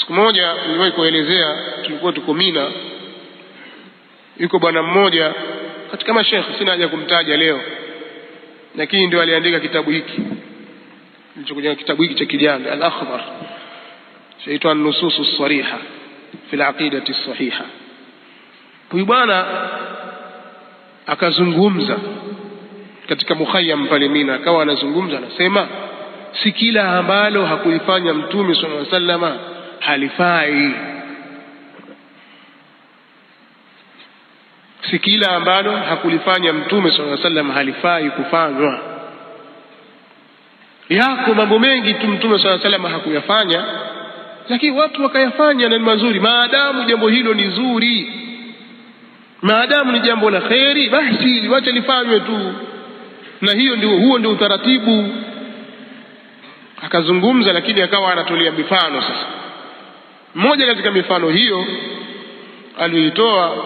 Siku moja niliwahi kuelezea, tulikuwa tuko Mina, yuko bwana mmoja katika mashekhe sina haja kumtaja leo, lakini ndio aliandika kitabu hiki nilichokuja, kitabu hiki cha kijana al akhbar chaitwa an-nusus as-sariha fi al-aqidati as-sahiha. Huyu bwana akazungumza katika mukhayam pale Mina, akawa anazungumza anasema, si kila ambalo hakuifanya Mtume sallallahu alaihi wasallama halifai. Si kila ambalo hakulifanya Mtume sallallahu alaihi wasallam halifai kufanywa. Yako mambo mengi tu Mtume sallallahu alaihi wasallam hakuyafanya, lakini watu wakayafanya na ni mazuri, maadamu jambo hilo ni zuri, maadamu ni jambo la kheri, basi liwache lifanywe tu, na hiyo ndio, huo ndio utaratibu. Akazungumza, lakini akawa anatolea mifano sasa mmoja katika mifano hiyo aliyoitoa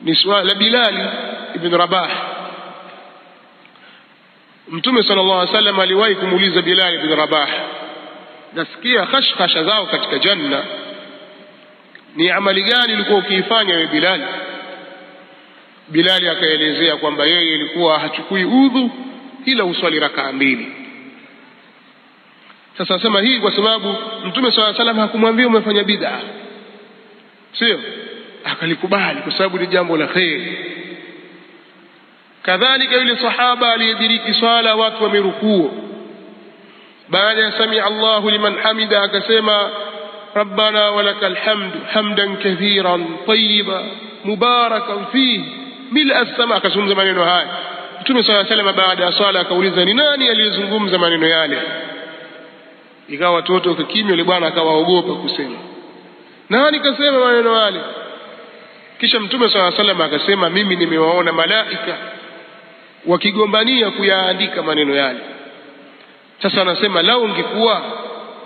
ni suala la Bilali ibn Rabah. Mtume sallallahu alaihi wasallam aliwahi kumuuliza Bilali ibn Rabah, nasikia khashkhasha zao katika janna, ni amali gani ulikuwa ukiifanya wewe Bilali? Bilali akaelezea kwamba yeye ilikuwa hachukui udhu ila uswali rakaa mbili. sasa sema hii kwa sababu mtume saa salam hakumwambia umefanya bid'a sio akalikubali kwa sababu ni jambo la kheri kadhalika yule sahaba aliyediriki swala watu wamerukuo baada ya samia llahu liman hamida akasema rabbana walaka lhamdu hamdan kathiran tayiba mubarakan fihi mila sama akazungumza maneno haya mtume saa salama baada ya swala akauliza ni nani aliyezungumza maneno yale ikawa watoto kakimya yule bwana akawaogopa kusema, nani kasema maneno yale? Kisha Mtume sala salam akasema, mimi nimewaona malaika wakigombania kuyaandika maneno yale. Sasa anasema lau ungekuwa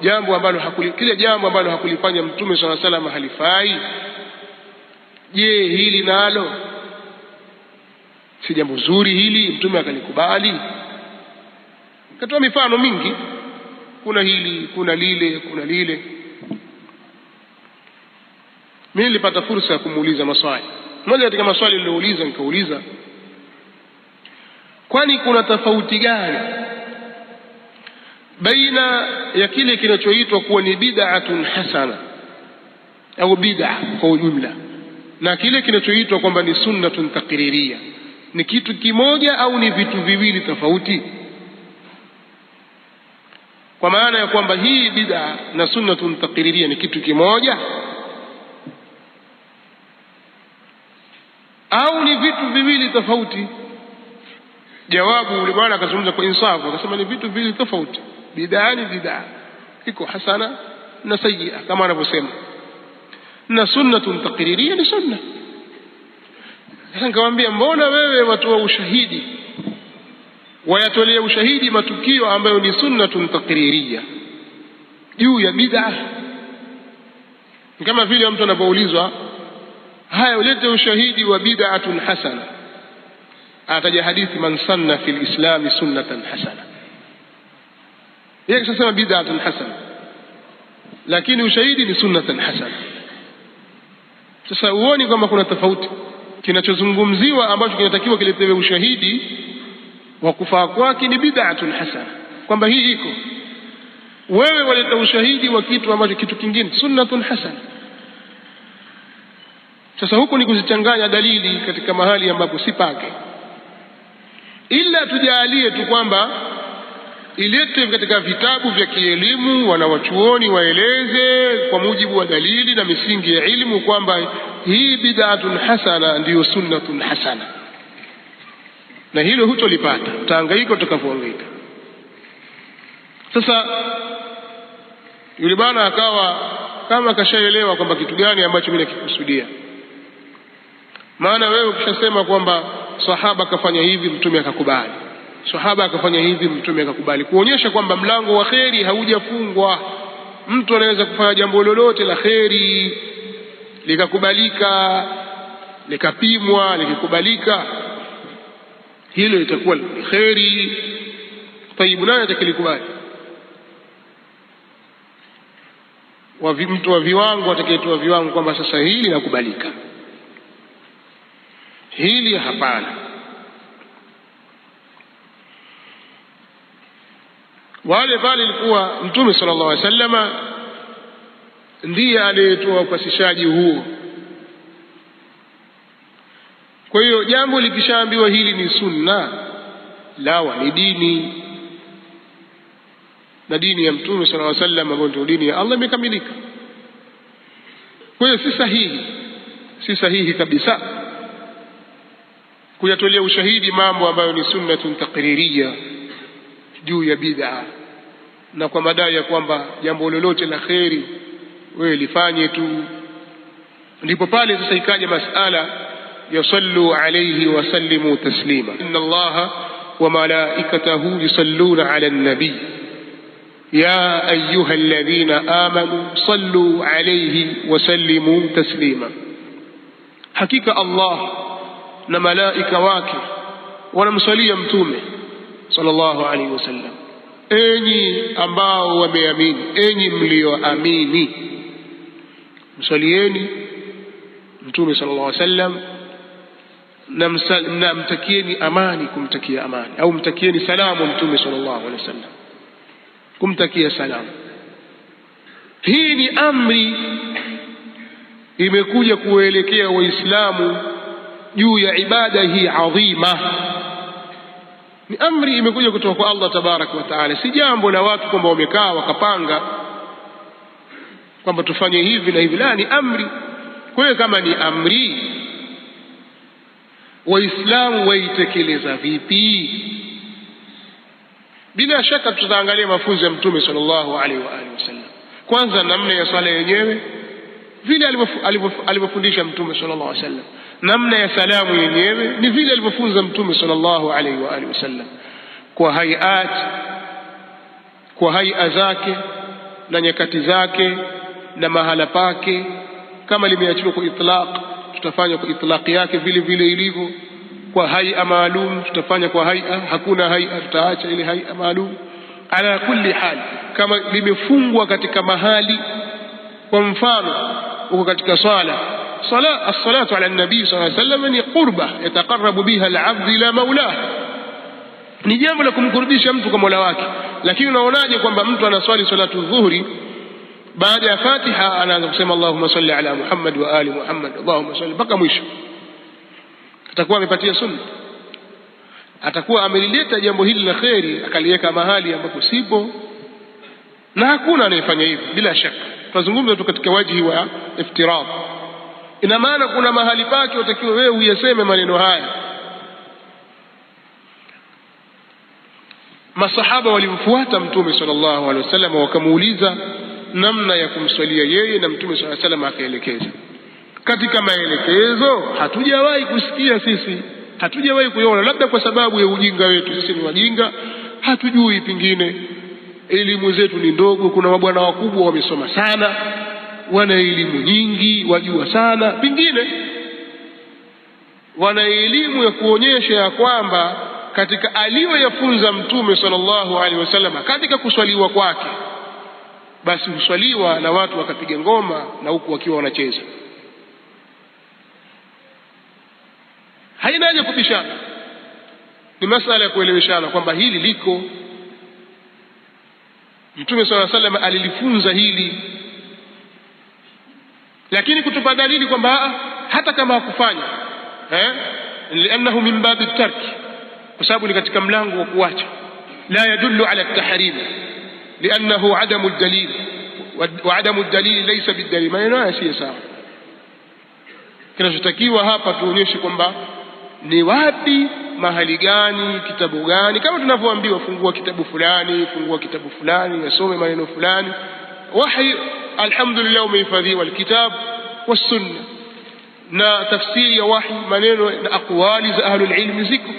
jambo ambalo hakuli kile jambo ambalo hakulifanya Mtume sala salam halifai, je, hili nalo si jambo zuri hili? Mtume akalikubali. Katoa mifano mingi kuna hili, kuna lile, kuna lile. Mimi nilipata fursa ya kumuuliza maswali. Moja katika maswali niliouliza, nikauliza kwani kuna tofauti gani baina ya kile kinachoitwa kuwa ni bid'atun hasana au bid'a kwa ujumla na kile kinachoitwa kwamba ni sunnatun takriria? Ni kitu kimoja au ni vitu viwili tofauti? kwa maana ya kwamba hii bid'a na sunnatun taqriria ni kitu kimoja, au ni vitu viwili tofauti? Jawabu, ule bwana akazungumza kwa insafu, akasema ni vitu viwili tofauti. Bid'a ni bid'a, iko hasana na sayyi'a kama anavyosema, na sunnatun taqriria ni sunna. Sasa nikamwambia, mbona wewe watu wa ushahidi ويتولي شهيد ما تكيو أما يوني سنة تقريرية يو يا بدعة كما في اليوم تنا بوليزا هاي ولدت شهيد وبدعة حسنة أتجا حديث من سن في الإسلام سنة حسنة يكشف سنة بدعة حسنة لكن يشهد لسنة حسنة تسأوني كما كنا تفوت كنا تزنقم زيوة أما شكنا تكيوة كلي تبعو شهيدي wa kufaa kwake ni bid'atun hasana, kwamba hii iko wewe waleta ushahidi wa kitu ambacho kitu kingine sunnatun hasana. Sasa huku ni kuzichanganya dalili katika mahali ambapo si pake, ila tujaalie tu kwamba ilete katika vitabu vya kielimu, wanawachuoni waeleze kwa mujibu wa dalili na misingi ya ilmu kwamba hii bid'atun hasana ndiyo sunnatun hasana na hilo hutolipata, utaangaika utakavyohangaika. Sasa yule bwana akawa kama akashaelewa kwamba kitu gani ambacho mimi nakikusudia. Maana wewe ukishasema kwamba sahaba akafanya hivi, mtume akakubali, sahaba akafanya hivi, mtume akakubali, kuonyesha kwamba mlango wa kheri haujafungwa. Mtu anaweza kufanya jambo lolote la kheri likakubalika, likapimwa, likikubalika hilo litakuwa ni kheri. Taibu naye atakayelikubali, mtu wa viwango atakayetoa viwango kwamba sasa hili nakubalika, hili hapana. Wale pale ilikuwa Mtume sallallahu alaihi wasallam ndiye aliyetoa upasishaji huo kwa hiyo jambo likishaambiwa hili ni sunna, lawa ni dini na dini ya Mtume sallallahu alaihi wasallam, ambayo ndio dini ya Allah imekamilika. Kwa hiyo si sahihi, si sahihi kabisa kuyatolea ushahidi mambo ambayo ni sunnatun taqririya juu ya bid'a, na kwa madai ya kwamba jambo lolote la kheri wewe lifanye tu. Ndipo pale sasa ikaja masala يصلوا عليه وسلموا تسليما إن الله وملائكته يصلون على النبي يا أيها الذين آمنوا صلوا عليه وسلموا تسليما حقيقة الله نملائك واكي ونمصلي أمتومه صلى الله عليه وسلم أني أمبا وبيامين أني مليو أميني مصليني أمتومه صلى الله عليه وسلم namtakieni amani, kumtakia amani au mtakieni salamu Mtume sallallahu alaihi wasallam, kumtakia salamu. Hii ni amri imekuja kuelekea Waislamu juu ya ibada hii adhima. Ni amri imekuja kutoka kwa Allah tabaraka wa taala, si jambo la watu kwamba wamekaa wakapanga kwamba tufanye hivi na hivi. La, ni amri. Kwa hiyo kama ni amri Waislamu waitekeleza vipi? Bila shaka tutaangalia mafunzo ya Mtume sallallahu alaihi wa alihi wasallam, kwanza namna ya sala yenyewe vile alivyofundisha Mtume sallallahu alaihi wasallam, namna ya salamu yenyewe ni vile alivyofunza Mtume sallallahu alaihi wa alihi wasallam, kwa hayat, kwa haia zake na nyakati zake na mahala pake, kama limeachiwa kwa itlaq tutafanya kwa itlaqi yake vile vile ilivyo kwa haia maalum, tutafanya kwa haia, hakuna haia tutaacha ile haia maalum. Ala kulli hal, kama limefungwa katika mahali, kwa mfano uko katika sala sala, as-salatu ala an-nabi sallallahu alayhi wasallam ni qurba yataqarrabu biha al-abd ila maulah, ni jambo la kumkurubisha mtu kwa mola wake. Lakini unaonaje kwamba mtu anaswali salatu dhuhuri baada ya Fatiha anaanza kusema Allahumma salli ala Muhammad wa ali Muhammad, Allahumma salli mpaka mwisho. Atakuwa amepatia sunna, atakuwa amelileta jambo hili la kheri, akaliweka mahali ambapo sipo, na hakuna anayefanya hivi bila shaka. Tunazungumza tu katika wajihi wa iftirad, ina maana kuna mahali pake watakiwa wewe uyaseme maneno haya. Masahaba walimfuata Mtume sallallahu alaihi wasallam wakamuuliza namna ya kumswalia yeye, na Mtume sala salam akaelekeza katika maelekezo. Hatujawahi kusikia sisi, hatujawahi kuiona, labda kwa sababu ya ujinga wetu. Sisi ni wajinga, hatujui, pengine elimu zetu ni ndogo. Kuna mabwana wakubwa wamesoma sana, wana elimu nyingi, wajua sana, pengine wana elimu ya kuonyesha ya kwamba katika aliyoyafunza Mtume sallallahu alaihi wasallam katika kuswaliwa kwake basi huswaliwa na watu wakapiga ngoma na huku wakiwa wanacheza. Haina kubishana, kupishana, ni masala ya kueleweshana kwamba hili liko. Mtume sala alaihi wasallam alilifunza hili, lakini kutupa dalili kwamba ah, hata kama hakufanya eh, liannahu min babi tarki, kwa sababu ni katika mlango wa kuacha, la yadullu ala tahrimi لأنه عدم الدليل وعدم الdalili laisa bidalili, maneno haya siyo sawa. Kinachotakiwa hapa tuonyeshe kwamba ni wapi, mahali gani, kitabu gani, kama tunavyoambiwa fungua kitabu fulani, fungua kitabu fulani, yasome maneno fulani. Wahi alhamdulillah umehifadhiwa alkitab wassunna, na tafsiri ya wahi, maneno na aqwali za ahlul ilmi ziko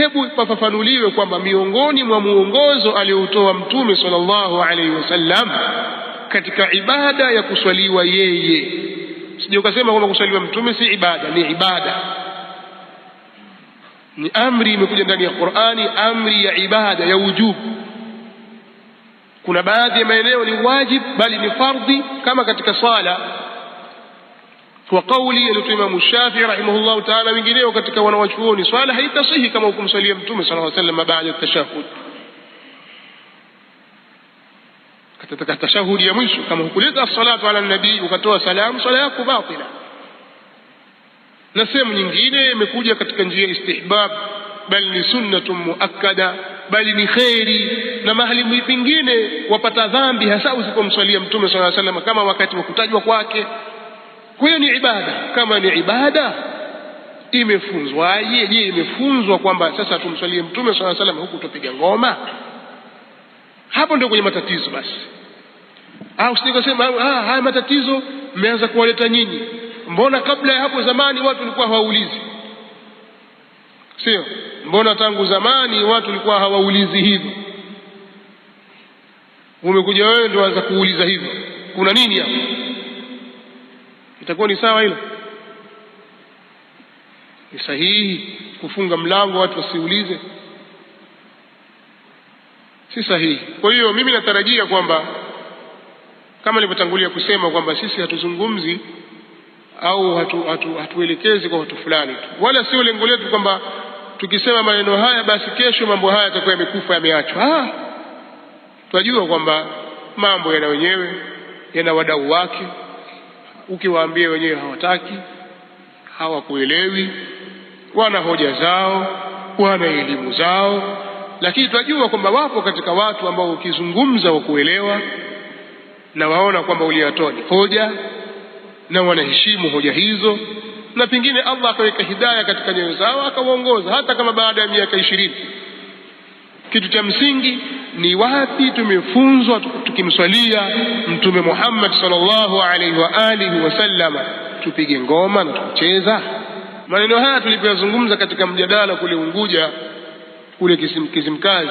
hebu pafafanuliwe kwamba miongoni mwa muongozo aliyoutoa Mtume sallallahu alaihi wasallam katika ibada ya kuswaliwa yeye. Sije ukasema kwamba kuswaliwa Mtume si ibada, ni ibada, ni amri, imekuja ndani ya Qur'ani, amri ya ibada ya wujubu. Kuna baadhi ya maeneo ni wajib, bali ni fardhi, kama katika sala kwa kauli aliyotoa Imamu Shafii rahimahullahu taala, wengineo katika wanawachuoni, swala haitasihi kama ukumsalia Mtume sallallahu alayhi wasallam baada ya tashahud, katika tashahudi ya mwisho, kama hukuleta as-salatu ala nabii ukatoa salamu, swala yako batila. Na sehemu nyingine imekuja katika njia ya istihbab, bali ni sunnatu muakkada, bali ni kheri. Na mahali pengine wapata dhambi, hasa usipomsalia Mtume sallallahu alayhi wasallam, kama wakati wa kutajwa kwake kwa hiyo ni ibada. Kama ni ibada imefunzwaje? Je, imefunzwa kwamba sasa tumswalie Mtume sala salam huku tupiga ngoma? Hapo ndio kwenye matatizo basi. Au sikasema ah, ah, haya matatizo mmeanza kuwaleta nyinyi, mbona kabla ya hapo zamani watu walikuwa hawaulizi? Sio, mbona tangu zamani watu walikuwa hawaulizi hivyo? Umekuja wewe ndio waanza kuuliza hivyo, kuna nini hapo? itakuwa ni sawa hilo? Ni sahihi kufunga mlango watu wasiulize? Si sahihi. Kwa hiyo mimi natarajia kwamba kama nilivyotangulia kusema kwamba sisi hatuzungumzi au hatu, hatu, hatuelekezi kwa watu fulani tu, wala sio lengo letu kwamba tukisema maneno haya basi kesho mambo haya yatakuwa yamekufa yameachwa. Ah, tunajua kwamba mambo yana wenyewe, yana wadau wake ukiwaambia wenyewe hawataki, hawakuelewi, wana hoja zao, wana elimu zao, lakini tunajua kwamba wapo katika watu ambao ukizungumza wakuelewa na waona kwamba uliyatoa ni hoja na wanaheshimu hoja hizo, na pengine Allah akaweka hidaya katika nyoyo zao akawaongoza, hata kama baada ya miaka ishirini. Kitu cha msingi ni wapi tumefunzwa tukimswalia Mtume Muhammad sallallahu alaihi wa alihi wasallama tupige ngoma na tukucheza? Maneno haya tulipoyazungumza katika mjadala kule Unguja kule kisimkazi Kizimkazi,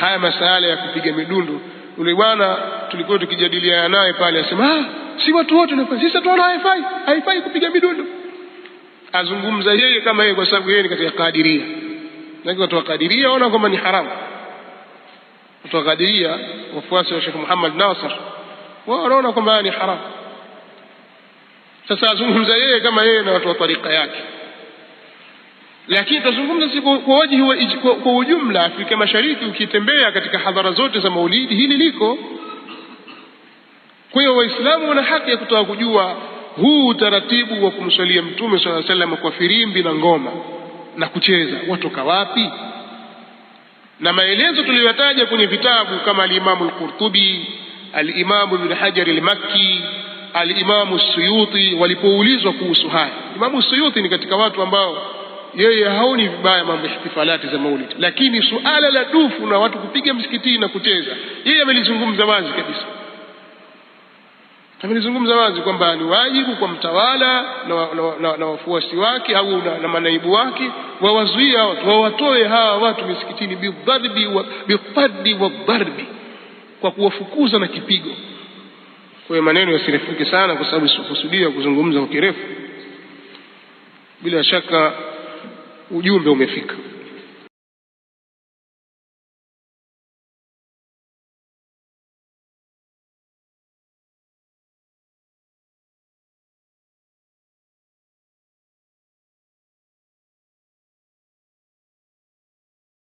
haya masala ya kupiga midundu, ule bwana tulikuwa tukijadiliana naye pale, asema ah, si watu wote sisi tuona haifai, haifai kupiga midundu. Azungumza yeye kama yeye, kwa sababu yeye ni katika Kadiria, lakini watu wa Kadiria waona kwamba ni haramu kutoka wafuasi wa Sheikh Muhammad Nasir, wao wanaona kwamba ni haram Sasa azungumza yeye kama yeye na watu wa tarika yake, lakini tazungumza si kwa wajihi, kwa ujumla Afrika Mashariki. Ukitembea katika hadhara zote za maulidi hili liko. Kwa hiyo Waislamu wana haki ya kutaka kujua huu utaratibu wa kumswalia Mtume sallallahu alaihi wasallam kwa firimbi na ngoma na kucheza watoka wapi? na maelezo tuliyoyataja kwenye vitabu kama Alimamu Alqurtubi, Alimamu Ibn Hajar Almakki, Alimamu Suyuti walipoulizwa kuhusu haya. Imamu Suyuti ni katika watu ambao yeye haoni vibaya mambo ya ihtifalati za Maulid, lakini suala la dufu na watu kupiga msikitini na kucheza, yeye amelizungumza wazi kabisa. Amelizungumza wazi kwamba ni wajibu kwa mtawala na, na, na, na wafuasi wake au na, na manaibu wake wawazuia watu wawatoe hawa watu misikitini wa wadharbi, kwa kuwafukuza na kipigo. Kwa hiyo maneno yasirefuke sana, kwa sababu sikusudia kuzungumza kwa kirefu. Bila shaka ujumbe umefika.